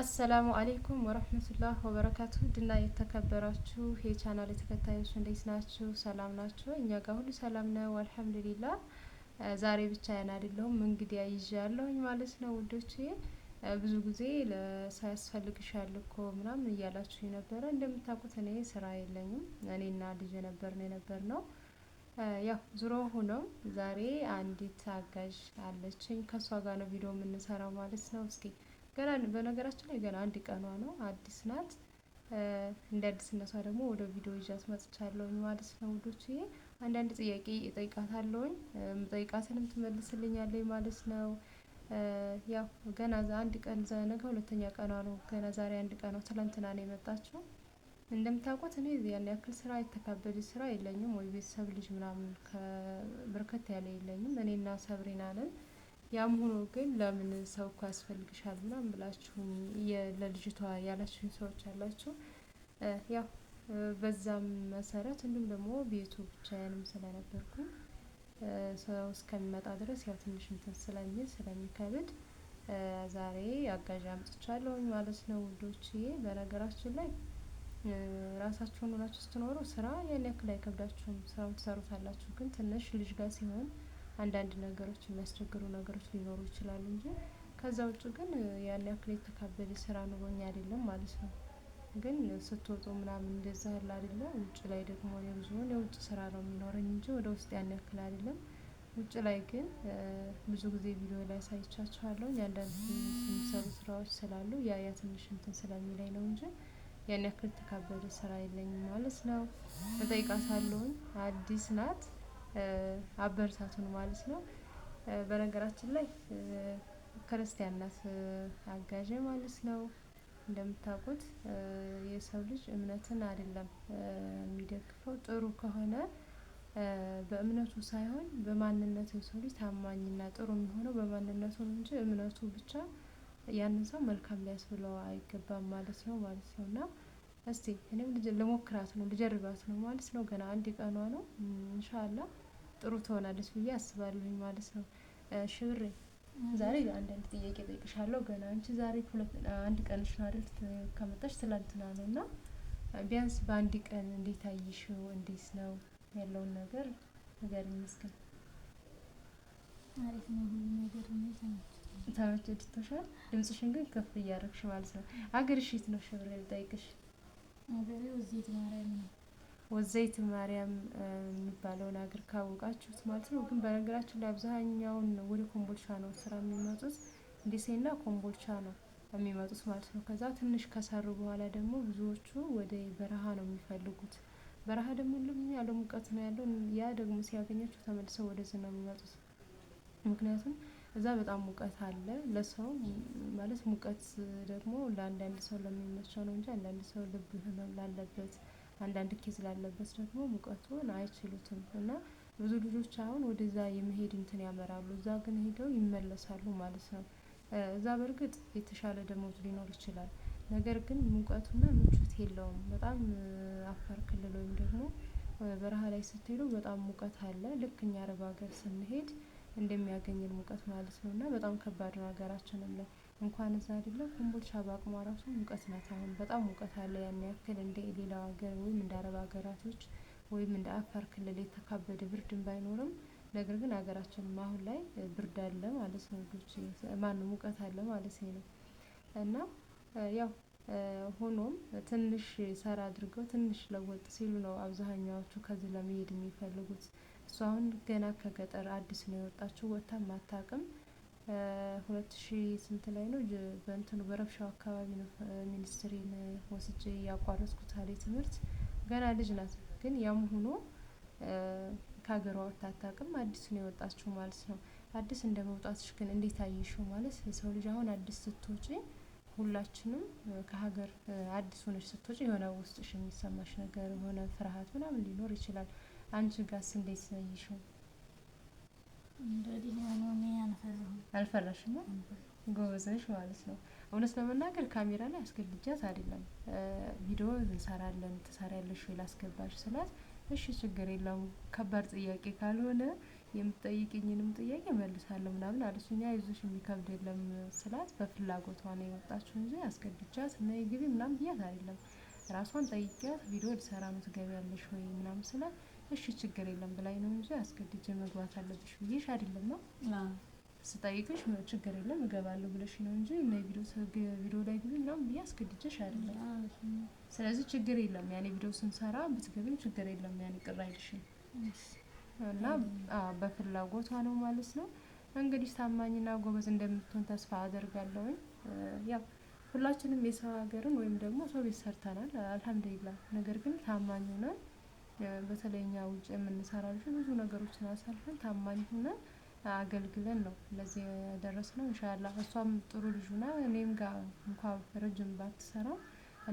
አሰላሙ አሌይኩም ወረህመቱላህ ወበረካቱ ድና የተከበራችሁ የቻናል የተከታዮች እንዴት ናችሁ? ሰላም ናችሁ? እኛ ጋር ሁሉ ሰላም ነው አልሐምዱሊላ። ዛሬ ያን አይደለሁም እንግዲህ ይዤ ያለሁኝ ማለት ነው ውዶቼ። ብዙ ጊዜ ሳያስፈልግሻል እኮ ምናምን እያላችሁ ነበረ። እንደምታውቁት እኔ ስራ የለኝም እኔና ልጅ ነበር ነው የነበር ነው ያው ዙሮ ሆነው ዛሬ አንዲት አጋዥ አለችኝ ከእሷ ጋር ነው ቪዲዮ የምንሰራው ማለት ነው እስኪ ገና በነገራችን ላይ ገና አንድ ቀኗ ነው አዲስ ናት። እንደ አዲስነቷ ደግሞ ወደ ቪዲዮ ይዣት መጥቻለሁኝ ማለት ነው ውዶችዬ። አንዳንድ ጥያቄ እጠይቃታለሁኝ ጠይቃትንም ትመልስልኛለኝ ማለት ነው። ያው ገና አንድ ቀን ነገ ሁለተኛ ቀኗ ነው። ገና ዛሬ አንድ ቀኗ ትላንትና ነው የመጣችው። እንደምታውቁት እኔ ያን ያክል ስራ የተካበደ ስራ የለኝም ወይ ቤተሰብ ልጅ ምናምን በርከት ያለ የለኝም። እኔና ሰብሪና ነን። ያም ሆኖ ግን ለምን ሰው እኮ ያስፈልግሻል ምናምን ብላችሁ ለልጅቷ ያላችሁኝ ሰዎች አላችሁ። ያው በዛም መሰረት እንዲሁም ደግሞ ቤቱ ብቻዬንም ስለነበርኩ ሰው እስከሚመጣ ድረስ ያው ትንሽ እንትን ስለሚል ስለሚከብድ ዛሬ አጋዥ አምጥቻለሁኝ ማለት ነው ውዶችዬ። በነገራችን ላይ ራሳችሁን ሆናችሁ ስትኖሩ ስራ ያን ያክል አይከብዳችሁም፣ ስራውን ትሰሩታላችሁ። ግን ትንሽ ልጅ ጋር ሲሆን አንዳንድ ነገሮች የሚያስቸግሩ ነገሮች ሊኖሩ ይችላሉ እንጂ ከዛ ውጭ ግን ያን ያክል የተካበደ ስራ ኑሮኝ አይደለም ማለት ነው። ግን ስትወጡ ምናምን እንደዛ ያለ አይደለ ውጭ ላይ ደግሞ የብዙውን የውጭ ስራ ነው የሚኖረኝ እንጂ ወደ ውስጥ ያን ያክል አይደለም። ውጭ ላይ ግን ብዙ ጊዜ ቪዲዮ ላይ አሳይቻችኋለሁኝ አንዳንድ የሚሰሩ ስራዎች ስላሉ ያ ያ ትንሽ እንትን ስለሚለኝ ነው እንጂ ያን ያክል የተካበደ ስራ የለኝም ማለት ነው። እጠይቃታለሁኝ አዲስ ናት አበረታቱን ማለት ነው። በነገራችን ላይ ክርስቲያን ናት ማለት ነው። እንደምታውቁት የሰው ልጅ እምነትን አይደለም የሚደግፈው ጥሩ ከሆነ በእምነቱ ሳይሆን በማንነቱ የሰው ልጅ ታማኝና ጥሩ የሚሆነው በማንነቱ ነው እንጂ እምነቱ ብቻ ያንን ሰው መልካም ሊያስብለው አይገባም ማለት ነው ማለት ነው። እና እስቲ እኔም ልሞክራት ነው ልጀርባት ነው ማለት ነው። ገና አንድ ቀኗ ነው እንሻላ። ጥሩ ትሆናለች ብዬ አስባለሁኝ ማለት ነው። ሽብሬ ዛሬ አንዳንድ ጥያቄ ጠይቅሻለሁ። ገና አንቺ ዛሬ አንድ ቀንሽ ነው አይደል? ከመጣሽ ትላንትና ነው እና ቢያንስ በአንድ ቀን እንዴት አየሽው? እንዴት ነው ያለውን ነገር ነገር እስኪ። አሪፍ ነው ሁሉ ነገር ተመችቶሻል? ድምፅሽን ግን ከፍ እያደረግሽ ማለት ነው። አገርሽ የት ነው ሽብሬ? ልጠይቅሽ። አገሬው እዚህ ማርያም ነው ወዘይት ማርያም የሚባለውን ሀገር ካወቃችሁት ማለት ነው። ግን በነገራችን ላይ አብዛኛውን ወደ ኮምቦልቻ ነው ስራ የሚመጡት እንዲሴና ኮምቦልቻ ነው የሚመጡት ማለት ነው። ከዛ ትንሽ ከሰሩ በኋላ ደግሞ ብዙዎቹ ወደ በረሃ ነው የሚፈልጉት። በረሃ ደግሞ ልም ያለ ሙቀት ነው ያለው። ያ ደግሞ ሲያገኛቸው ተመልሰው ወደዚህ ነው የሚመጡት። ምክንያቱም እዛ በጣም ሙቀት አለ ለሰው ማለት ሙቀት ደግሞ ለአንዳንድ ሰው ለሚመቸው ነው እንጂ አንዳንድ ሰው ልብ ህመም ላለበት አንዳንድ ኬዝ ላለበት ደግሞ ሙቀቱን አይችሉትም እና ብዙ ልጆች አሁን ወደዛ የመሄድ እንትን ያመራሉ እዛ ግን ሄደው ይመለሳሉ ማለት ነው። እዛ በእርግጥ የተሻለ ደሞዝ ሊኖር ይችላል ነገር ግን ሙቀቱና ምቾት የለውም በጣም አፋር ክልል ወይም ደግሞ በረሃ ላይ ስትሄዱ በጣም ሙቀት አለ ልክ እኛ አረብ ሀገር ስንሄድ እንደሚያገኝን ሙቀት ማለት ነው እና በጣም ከባድ ነው ሀገራችንም ላይ እንኳን እዛ አይደለም ኮምቦልቻ በአቅሟ ራሱ ሙቀት ናት። አሁን በጣም ሙቀት አለ። ያን ያክል እንደ ሌላ ሀገር ወይም እንደ አረብ ሀገራቶች ወይም እንደ አፋር ክልል የተካበደ ብርድም ባይኖርም ነገር ግን ሀገራችንም አሁን ላይ ብርድ አለ ማለት ነው። ልጆች ማን ሙቀት አለ ማለት ነው። እና ያው ሆኖም ትንሽ ሰራ አድርገው ትንሽ ለወጥ ሲሉ ነው አብዛኛዎቹ ከዚህ ለመሄድ የሚፈልጉት። እሱ አሁን ገና ከገጠር አዲስ ነው የወጣችው ወጥታም ማታቅም። ሁለት ሺህ ስንት ላይ ነው በእንትኑ በረብሻው አካባቢ ነው ሚኒስትሪን ወስጄ ያቋረጥኩት አለ ትምህርት ገና ልጅ ናት። ግን ያም ሆኖ ከሀገሯ ወጥታ አታውቅም። አዲስ ነው የወጣችው ማለት ነው። አዲስ እንደመውጣትሽ ግን እንዴት አየሽው? ማለት የሰው ልጅ አሁን አዲስ ስትወጪ ሁላችንም ከሀገር አዲስ ሆነሽ ስትወጪ የሆነ ውስጥሽ የሚሰማሽ ነገር የሆነ ፍርሃት ምናምን ሊኖር ይችላል። አንቺ ጋስ እንዴት ነይሽው? አልፈራሽም ጎበዝ ማለት ነው። እውነት ለመናገር ካሜራ ላይ አስገድጃት አይደለም። ቪዲዮ እንሰራለን ትሰሪያለሽ ወይ ላስገባሽ ስላት እሺ ችግር የለውም ከባድ ጥያቄ ካልሆነ የምትጠይቅኝንም ጥያቄ መልሳለሁ ምናምን አለች። እኛ ይዞሽ የሚከብድ የለም ስላት በፍላጎቷ ነው የወጣችው እንጂ አስገድጃት እና ግቢ ምናምን ብያት አይደለም። ራሷን ጠይቂያት ቪዲዮ ልሰራ ነው ትገቢያለሽ ወይ ምናምን ስላት እሺ ችግር የለም ብላኝ ነው እንጂ አስገድጄ መግባት አለብሽ ብዬሽ አይደለም ነው ስጠይቅሽ ችግር የለም እገባለሁ ብለሽ ነው እንጂ እና ቪዲዮ ላይ ግቢ ምናምን ብዬ አስገድጀሽ አይደለም። ስለዚህ ችግር የለም ያኔ ቪዲዮ ስንሰራ ብትገብም ችግር የለም ያኔ ቅር አይልሽም እና በፍላጎቷ ነው ማለት ነው። እንግዲህ ታማኝና ጎበዝ እንደምትሆን ተስፋ አደርጋለሁኝ። ያው ሁላችንም የሰው ሀገርን ወይም ደግሞ ሰው ቤት ሰርተናል አልሐምዱሊላህ። ነገር ግን ታማኝ ሆናል በተለይ እኛ ውጭ የምንሰራ ብዙ ነገሮችን አሳልፈን ታማኝ ሆነን አገልግለን ነው ለዚህ ያደረስ ነው። እንሻላ እሷም ጥሩ ልጅ ሆና እኔም ጋር እንኳ ረጅም ባትሰራ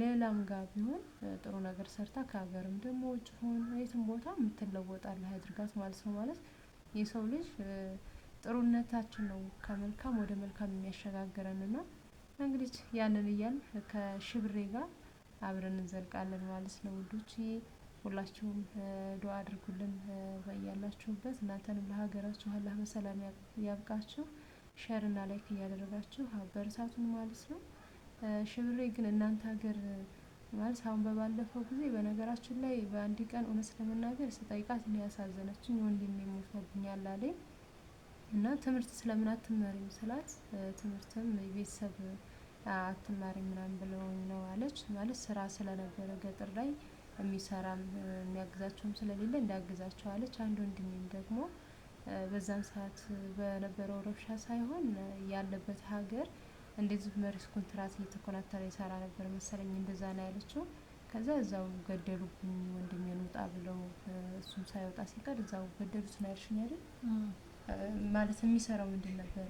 ሌላም ጋር ቢሆን ጥሩ ነገር ሰርታ ከሀገርም ደግሞ ውጭ ሆን የትም ቦታ የምትለወጣለ አድርጋት ማለት ነው። ማለት የሰው ልጅ ጥሩነታችን ነው ከመልካም ወደ መልካም የሚያሸጋግረን ና እንግዲህ ያንን እያልን ከሽብሬ ጋር አብረን እንዘልቃለን ማለት ነው ውዶችዬ ሁላችሁም ዱአ አድርጉልን በያላችሁበት። እናንተንም ለሀገራችሁ አላህ በሰላም ያብቃችሁ። ሸር እና ላይክ እያደረጋችሁ አበረታቱን ማለት ነው። ሽብሬ ግን እናንተ ሀገር ማለት አሁን በባለፈው ጊዜ በነገራችን ላይ በአንድ ቀን እውነት ስለመናገር ስጠይቃት እኔ ያሳዘነችኝ ወንድሜ ሞቶብኛል አለኝ እና ትምህርት ስለምን አትማሪም ስላት ትምህርትም የቤተሰብ አትማሪም ምናምን ብለውኝ ነው አለች። ማለት ስራ ስለነበረ ገጠር ላይ የሚሰራም የሚያግዛቸውም ስለሌለ እንዳግዛቸው አለች። አንድ ወንድሜም ደግሞ በዛን ሰዓት በነበረው ረብሻ ሳይሆን ያለበት ሀገር እንደዚህ መሪስ ኮንትራት እየተኮናተረ ይሰራ ነበር መሰለኝ፣ እንደዛ ነው ያለችው። ከዛ እዛው ገደሉብኝ ወንድሜን ውጣ ብለው እሱም ሳይወጣ ሲቀር እዛው ገደሉት ነው ያልሽኝ አይደል? ማለት የሚሰራው ምንድን ነበረ?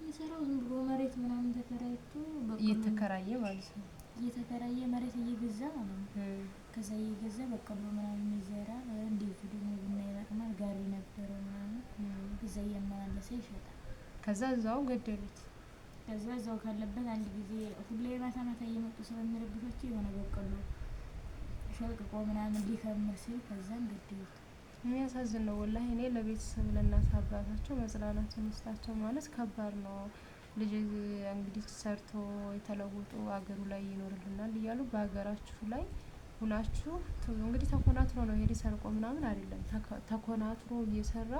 የሚሰራው ዝም ብሎ መሬት ምናምን ተከራይቶ እየተከራየ ማለት ነው እየተከራየ መሬት እየገዛ ማለት ነው። ከዛ እየገዛ በቆሎ ምናምን ይዘራል። እንዴት ደግሞ ቡና ይለቅማል። ጋሪ ነበረው ምናምን እዛ እያመላለሰ ይሸጣል። ከዛ እዛው ገደሉት። ከዛ እዛው ካለበት አንድ ጊዜ ሁሌ ማታ ማታ እየመጡ ስለሚረብሾች የሆነ በቆሎ ሸልቅቆ ምናምን ሊከምር ሲል ከዛም ገደሉት። የሚያሳዝን ነው ወላሂ። እኔ ለቤተሰብ ለእናት አባታቸው መጽናናት መስጣቸው ማለት ከባድ ነው። ልጅ እንግዲህ ሰርቶ የተለወጡ ሀገሩ ላይ ይኖርልናል እያሉ በሀገራችሁ ላይ ሁላችሁ እንግዲህ ተኮናትሮ ነው ይሄ ሰርቆ ምናምን አይደለም። ተኮናትሮ እየሰራ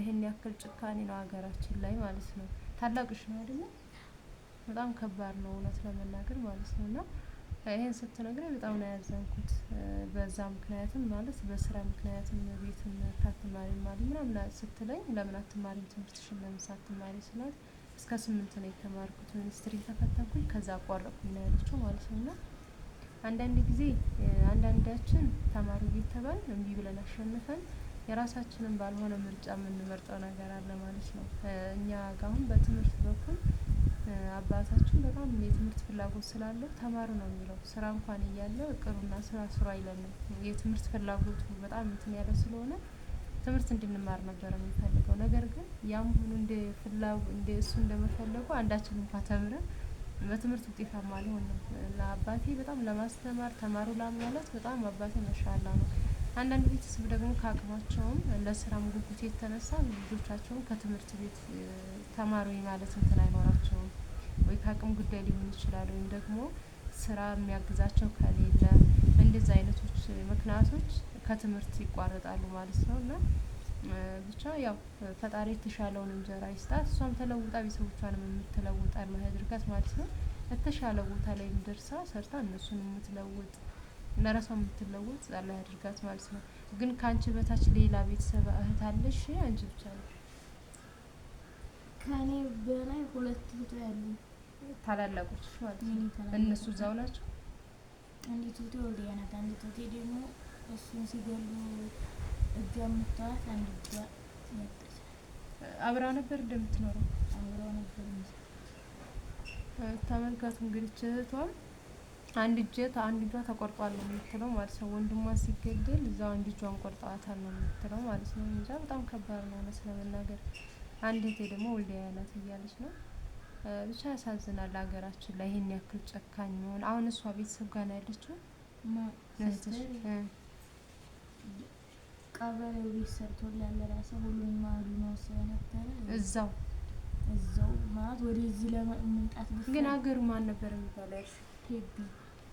ይህን ያክል ጭካኔ ነው ሀገራችን ላይ ማለት ነው። ታላቅሽ ነው አይደለ? በጣም ከባድ ነው እውነት ለመናገር ማለት ነው። እና ይሄን ስትነግረኝ በጣም ነው ያዘንኩት። በዛ ምክንያትም ማለት በስራ ምክንያትም ቤትም ታትማሪ ማለት ምናምን ስትለኝ ለምን አትማሪም ትምህርትሽን ለምን ሳትማሪ ስላት እስከ ስምንት ነው የተማርኩት ሚኒስትሪ ተፈተንኩኝ ከዛ አቋረጥኩኝ ነው ያለችው ማለት ነው እና አንዳንድ ጊዜ አንዳንዳችን ተማሪ እየተባል እምቢ ብለን አሸንፈን የራሳችንን ባልሆነ ምርጫ የምንመርጠው ነገር አለ ማለት ነው። እኛ ጋሁን በትምህርት በኩል አባታችን በጣም የትምህርት ፍላጎት ስላለው ተማሩ ነው የሚለው። ስራ እንኳን እያለ እቅሩና ስራ ስሩ አይለንም። የትምህርት ፍላጎቱ በጣም እንትን ያለ ስለሆነ ትምህርት እንድንማር ነበር የሚፈልገው። ነገር ግን ያም ሁኑ እንደ ፍላው እንደ እሱ እንደመፈለጉ አንዳችን እንኳ ተምረን በትምህርት ውጤታማ አልሆን እና አባቴ በጣም ለማስተማር ተማሩ ላማለት በጣም አባቴ መሻላ ነው። አንዳንድ ቤተሰብ ደግሞ ከአቅማቸውም ለስራም ጉጉት የተነሳ ልጆቻቸውን ከትምህርት ቤት ተማሩ ማለት እንትን አይኖራቸውም ወይ ከአቅም ጉዳይ ሊሆን ይችላል ወይም ደግሞ ስራ የሚያግዛቸው ከሌለ እንደዚህ አይነቶች ምክንያቶች ከትምህርት ይቋረጣሉ ማለት ነው እና ብቻ ያው ፈጣሪ የተሻለውን እንጀራ ይስጣ። እሷም ተለውጣ ቤተሰቦቿንም የምትለውጥ አላህ ያድርጋት ማለት ነው። የተሻለ ቦታ ላይ ደርሳ ሰርታ እነሱን የምትለውጥ ለራሷ የምትለውጥ አላህ ያድርጋት ማለት ነው። ግን ከአንቺ በታች ሌላ ቤተሰብ እህት አለሽ? አንቺ ብቻ ነው? ከእኔ በላይ ሁለት እህት ያሉ ታላላቆች ማለት ነው። እነሱ እዛው ናቸው። አንዲት እህቴ ወልዲያ ናት። አንዲት እህቴ ደግሞ እሱን ሲገሉ እጇ የምታዋት አንድ እጇ መጠች። ነበር እንደምትኖረው አብራው ነበር። ተመልከቱ እንግዲህ እህቷም አንድ እጄ አንድ እጇ ተቆርጧል ነው የምትለው ማለት ነው። ወንድሟ ሲገደል እዛው አንድ እጇን ቆርጠዋታል ነው የምትለው ማለት ነው። እንጃ በጣም ከባድ ነው እውነት ለመናገር። አንዴቴ ደግሞ ወልዲያ ያላት እያለች ነው። ብቻ ያሳዝናል። ሀገራችን ላይ ይህን ያክል ጨካኝ መሆን። አሁን እሷ ቤተሰብ ጋር ነው ያለችው። ቀበሌው ቤት ሰርቶላል ራሱ ሁሉም ማሉ ነው ስለነበረ እዛው እዛው ማለት ወደዚህ ለመምጣት ግን ማን ነበር የሚባለው?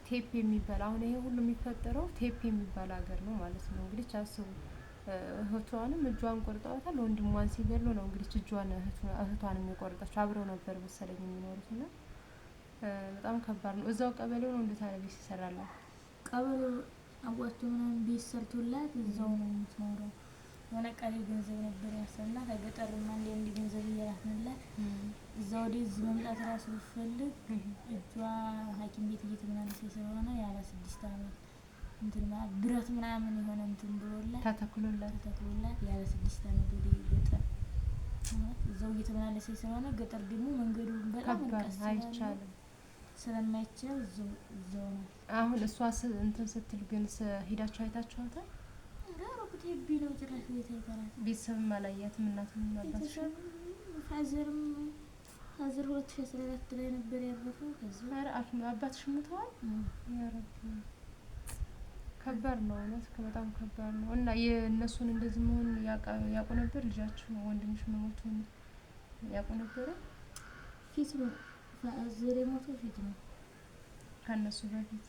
ቴፒ የሚባል አሁን ይሄ ሁሉ የሚፈጠረው ቴፕ የሚባል ሀገር ነው ማለት ነው። እንግዲህ አስቡ። እህቷንም እጇን ቆርጠዋታል። ወንድሟን ሲገሉ ነው እንግዲህ እጇን እህቷንም አብረው ነበር መሰለኝ የሚኖሩት እና በጣም ከባድ ነው። እዛው ቀበሌው ነው ቤት ይሰራላል ቀበሌው አዋቶ ምናምን ቤት ሰርቶላት እዛው ነው የምትኖረው። የሆነ ቀሪ ገንዘብ ነበር ያሰብናት ከገጠርማ እንዲ አንድ ገንዘብ እየላክንላት እዛ ወደዚህ መምጣት ራሱ ብትፈልግ እጇ ሐኪም ቤት እየተመላለሰ ስለሆነ ያለ ስድስት ዓመት እንትና ብረት ምናምን የሆነ እንትን ብሎላት ተተክሎላት ተተክሎላት ያለ ስድስት ዓመት ወደ ገጠር እዛው እየተመላለሰ ስለሆነ ገጠር ደግሞ መንገዱ በጣም ርቀት አይቻልም። ስለማይችል እዛው አሁን እሷ እንትን ስትል ግን ሄዳችሁ አይታችኋታል? ሮቡት ቢ ነው ጭራሽ ቤት አይተናት። ቤተሰብም አላያትም እናትም አባት ሁለት ሺህ አስራ አራት ላይ ነበር ያረፈው። አባትሽ ሙተዋል። ያረብ ከባድ ነው እውነት በጣም ከባድ ነው። እና የእነሱን እንደዚህ መሆን ያውቁ ነበር? ልጃችሁ ወንድምሽ መሞቱን ያውቁ ነበረ ፊት ነው ዙሬ ሞቶ ፊት ነው ከእነሱ በፊት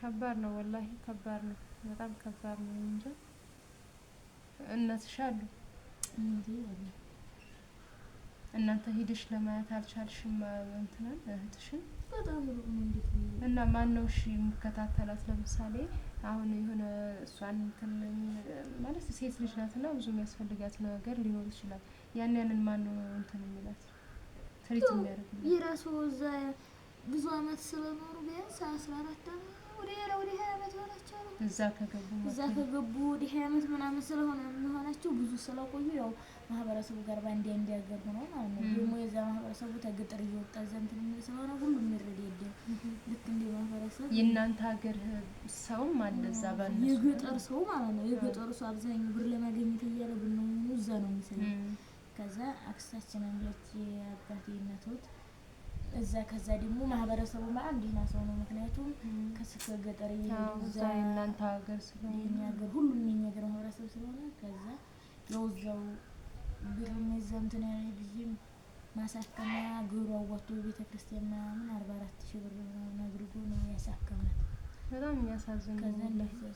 ከባድ ነው። ወላሂ ከባድ ነው። በጣም ከባድ ነው። እንጂ እናትሽ አሉ እናንተ ሂድሽ ለማየት አልቻልሽም? እንትናን እህትሽን በጣም እና ማን ነው እሺ የሚከታተላት? ለምሳሌ አሁን የሆነ እሷን እንትን ማለት ሴት ልጅ ናትና ብዙ የሚያስፈልጋት ነገር ሊኖር ይችላል። ያን ያንን ማን ነው እንትን የሚላት ትሪት የሚያደርግ የራሱ እዛ ብዙ አመት ስለኖሩ ቢያንስ አስራ አራት ወደ ሌላ ወደ ሀያ አመት ሆናቸው ነው እዛ ከገቡ እዛ ከገቡ ወደ ሀያ አመት ምናምን ስለሆነ መሆናቸው ብዙ ስለቆዩ ያው ማህበረሰቡ ጋር ባንዲ እንዲያገቡ ነው ማለት ነው። ደግሞ የዛ ማህበረሰቡ ተግጥር እየወጣ እዛ እንትን የሚል ስለሆነ ሁሉ ይረዳ የለም። ልክ እንደ ማህበረሰብ የእናንተ ሀገር ሰውም አለ እዛ ባነሱ የገጠር ሰው ማለት ነው። የገጠሩ ሰው አብዛኛው ብር ለማገኘት እያለ ብነው እዛ ነው የሚሰራው ከዛ አክስታችንን ልጅ አባቴ እናቶት እዛ ከዛ ደግሞ ማህበረሰቡ ማለት እንዲህና ሰው ነው። ምክንያቱም ከስከ ገጠር እዛ እናንተ ሀገር ስለሆነ ሀገር ሁሉም ማህበረሰብ ስለሆነ ከዛ የውዛው ብር እዛ ያለ ጊዜም ማሳከማ ግብሩ አዋቶ ቤተ ክርስቲያን ምናምን አርባ አራት ሺህ ብር ነው አድርጎ ነው ያሳከማት። በጣም የሚያሳዝን ከዛ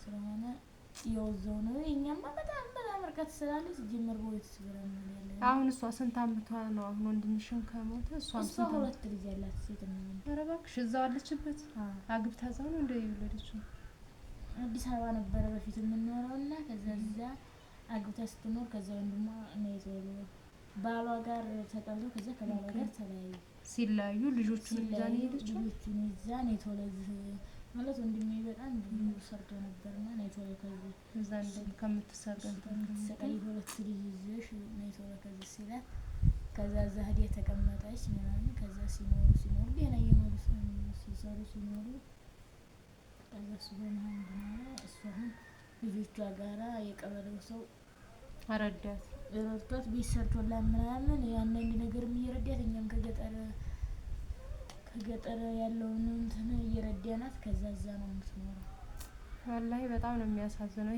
ስለሆነ ያው እዛው ነው። የእኛማ በጣም በጣም እርቀት ስላለ ሲጀመር በወይት ብለን አሁን እሷ ስንት አመቷ ነው? አሁን ወንድምሽን ከሞተ እሷ ሁለት ልጅ ያላት ሴት ነው። ኧረ እባክሽ እዛው አለችበት አግብታ እዛው ነው እንደ የወለደችው። አዲስ አበባ ነበረ በፊት የምንኖረው እና ከዛ እዛ አግብታ ስትኖር ከዛ ወንድሟ ነው የዘሩ ባሏ ጋር ተጣልቶ ከዛ ከባሏ ጋር ተለያዩ። ሲለያዩ ልጆቹን ይዛ ነው የሄደችው። ልጆቹን ይዛ ነው የተወለዙ ማለት ወንድሜ በጣም ብዙ ነበር ነበርና ናይቶ ለከዚህ እዛ እንደ ከምትሰርገን ከምትሰቃይ ሁለት ልጅ ይዘሽ ናይቶ ለከዚህ ሲላት ከዛ ዛህድ የተቀመጠች ተቀመጠች ምናምን ከዛ ሲኖሩ ሲኖሩ ሌላ የኖሩ ሲሰሩ ሲኖሩ ከዛ እሱ በመሆን ብናለ እሱ አሁን ልጆቿ ጋራ የቀበሌው ሰው አረዳት ረድቷት ቤት ሰርቶላ ምናምን ያን አንድ ነገርም እኛም ከገጠር ከገጠር ያለውን እንትን እየረዳናት ከዛ እዛ ነው የምትኖረው። ወላሂ በጣም ነው የሚያሳዝነው።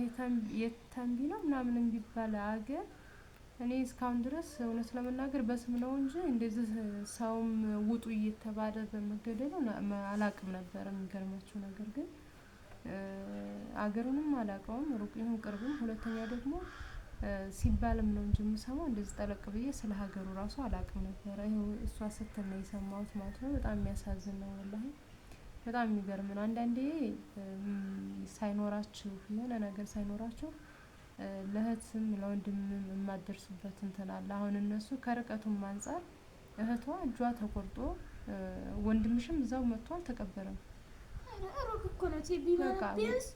የተንቢ ነው ምናምን የሚባል አገር እኔ እስካሁን ድረስ እውነት ለመናገር በስም ነው እንጂ እንደዚህ ሰውም ውጡ እየተባለ በመገደሉ አላቅም ነበር። የሚገርማቸው ነገር ግን አገሩንም አላቀውም ሩቅ ይሁን ቅርብም። ሁለተኛ ደግሞ ሲባልም ነው እንጂ የምሰማው እንደዚህ ጠለቅ ብዬ ስለ ሀገሩ ራሱ አላቅም ነበረ። ይኸው እሷ ስትል ነው የሰማሁት ማለት ነው። በጣም የሚያሳዝን ነው ወላሂ፣ በጣም የሚገርም ነው። አንዳንዴ ሳይኖራችሁ የሆነ ነገር ሳይኖራችሁ ለእህትም ለወንድምም የማደርሱበት እንትን አለ። አሁን እነሱ ከርቀቱም አንጻር እህቷ እጇ ተቆርጦ ወንድምሽም እዛው መጥቶ አልተቀበረም። ሩቅ እኮ ነው። ቢያንስ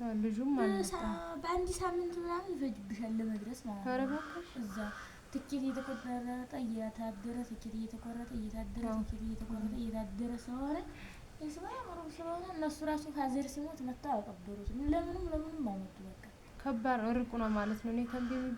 በአንድ ሳምንት ምናምን ይፈጅብሻል ለመድረስ ማለት ነው። እዛ ትኬት እየተቆረጠ እየታደረ ትኬት እየተቆረጠ እየታደረ ትኬት እየተቆረጠ እየታደረ ስለሆነ የስማ ያምሩ ስለሆነ እነሱ ራሱ ሀዘር ሲሞት መጥተው አቀበሩት። ለምንም ለምንም አይመጡ በቃ ከባድ ርቁ ነው ማለት ነው። እኔ ከምቢ